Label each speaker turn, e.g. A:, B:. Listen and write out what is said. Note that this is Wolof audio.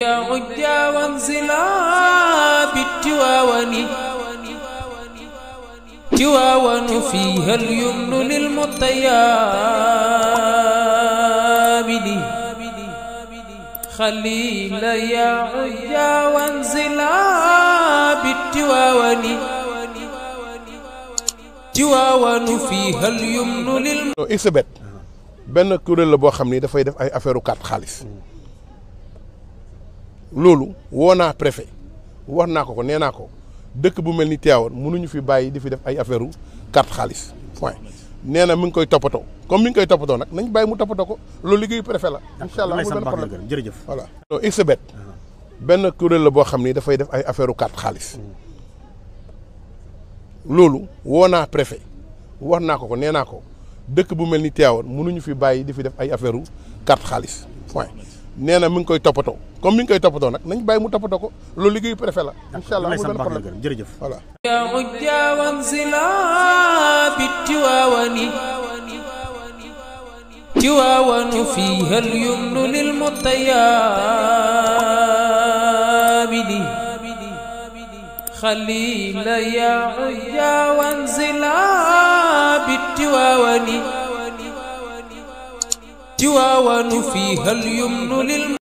A: yaa ujja wanzila bi tiwaawani tiwaawanu fiiha al-yumnu lil-mutayaabi xaliila yaa ujja wanzila bi tiwaawani
B: tiwaawanu fiiha al-yumnu lil-mutayaabi. xaliila benn kuréel la boo xam ni dafay def ay affaire u xaalis. loolu woo naa préfet wax naa ko ko nee naa ko dëkk bu mel ni Tivaouane mënuñu fi bàyyi di fi def ay affaire carte xaalis point nee na mi ngi koy toppatoo comme mi ngi koy toppatoo nag nañ bàyyi mu toppatoo ko loolu liggéeyu préfet la incha allah amul benn problème jërëjëf voilà non benn kuréel la boo xam ni dafay def ay affaire carte xaalis mm. loolu woo naa préfet wax naa ko ko nee naa ko dëkk bu mel ni Tivaouane munuñu fi bàyyi di fi def ay affaire carte xaalis point nee na mi ngi koy toppatoo comme mi koy toppatoo nag nañ bàyyi mu toppatoo ko loolu liggéeyu préfet la. incha allah amul benn problème jërëjëf voilà.
A: تواون فيها اليمن للمطيابد خليل يا عيا وانزلا بالتواون tiwaawaanu fii hal yumnu lil